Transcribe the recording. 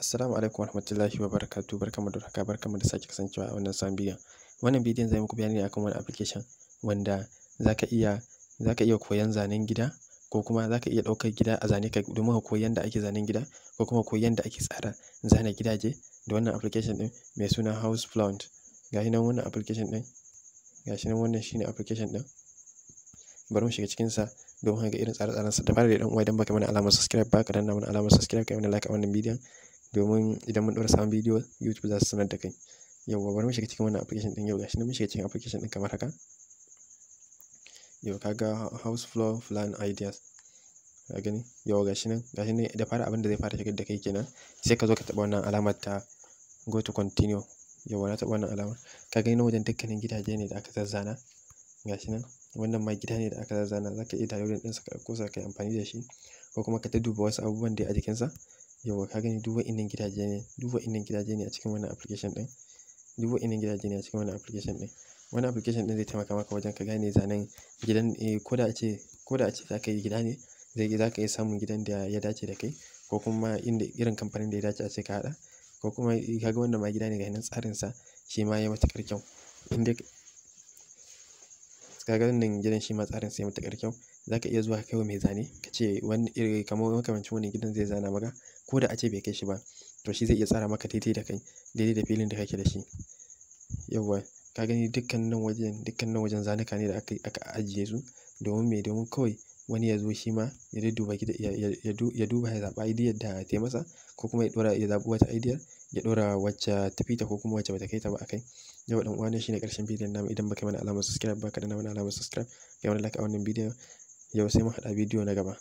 Assalamu alaikum warahmatullahi wabarakatuh barkamu da haka barkamu da sake kasancewa a wannan sabon bidiyon wannan bidiyon zai muku bayani ne akan wani application wanda zaka iya zaka iya koyon zanen gida ko kuma zaka iya ɗaukar gida a zane ka domin ka koyi yanda ake zanen gida ko kuma koyi yanda ake tsara zana gidaje da wannan application ɗin mai suna house plant gashi nan wannan application ɗin gashi nan wannan shine application ɗin bari mu shiga cikin sa domin ga irin tsare-tsaren sa da fara da dan uwa idan baka mana alamar subscribe ba ka danna mana alamar subscribe ka mana like a wannan bidiyon domin idan mun ɗora sabon bidiyo YouTube za su sanar da kai yauwa bari mu shiga cikin wannan application din yau gashi nan mun shiga cikin application din kamar haka yau kaga house floor plan ideas ka gani yau gashi nan gashi nan da fara abin da zai fara shigar da kai kenan sai ka zo ka taɓa wannan alamar ta go to continue yau na taɓa wannan alamar ka gani na wajen dukkanin gidaje ne da aka zazzana gashi nan wannan ma gida ne da aka zazzana zaka iya downloading ɗinsa ka ɗauko sa yi amfani da shi ko kuma ka ta duba wasu abubuwan da a jikinsa Yauwa ka gani duk wa'innan gidaje ne, duk wa'innan gidaje ne a cikin wannan application ɗin. Duk wa'innan gidaje ne a cikin wannan application ɗin. Wannan application ɗin zai taimaka maka wajen ka gane zanen gidan, eh ko da ce ko da ace za ka yi gida ne, zai, za ka iya samun gidan da ya dace da kai ko kuma inda irin kamfanin da ya dace a ce ka haɗa ko kuma eh, ka ga wanda ma gida ne ga nan tsarinsa shi ma ya yi matuƙar kyau. dai ka ga wannan gidan shi ma tsarin sai matuƙar kyau zaka iya zuwa kai wa mai zane ka ce wani iri kamar makamancin wani gidan zai zana maka ko da a ce bai kai shi ba to shi zai iya tsara maka daidai da kai daidai da filin da kake da shi yawwa ka gani dukkanin wajen wajen zanuka ne da aka aka ajiye su domin me domin kawai wani ya zo shi ma ya dudduba gida ya duba ya zaɓa idiyar da ta masa ko kuma ya ɗora ya zaɓi wata id ya ɗora wacce ta fita ko kuma wacce bata kai ta ba a kai yau ɗan uwana shine ƙarshen bidiyon namu idan baka mana alamar subscribe baka da na mana alamar subscribe kai mana like a wannan bidiyon yau sai mu haɗa bidiyo na gaba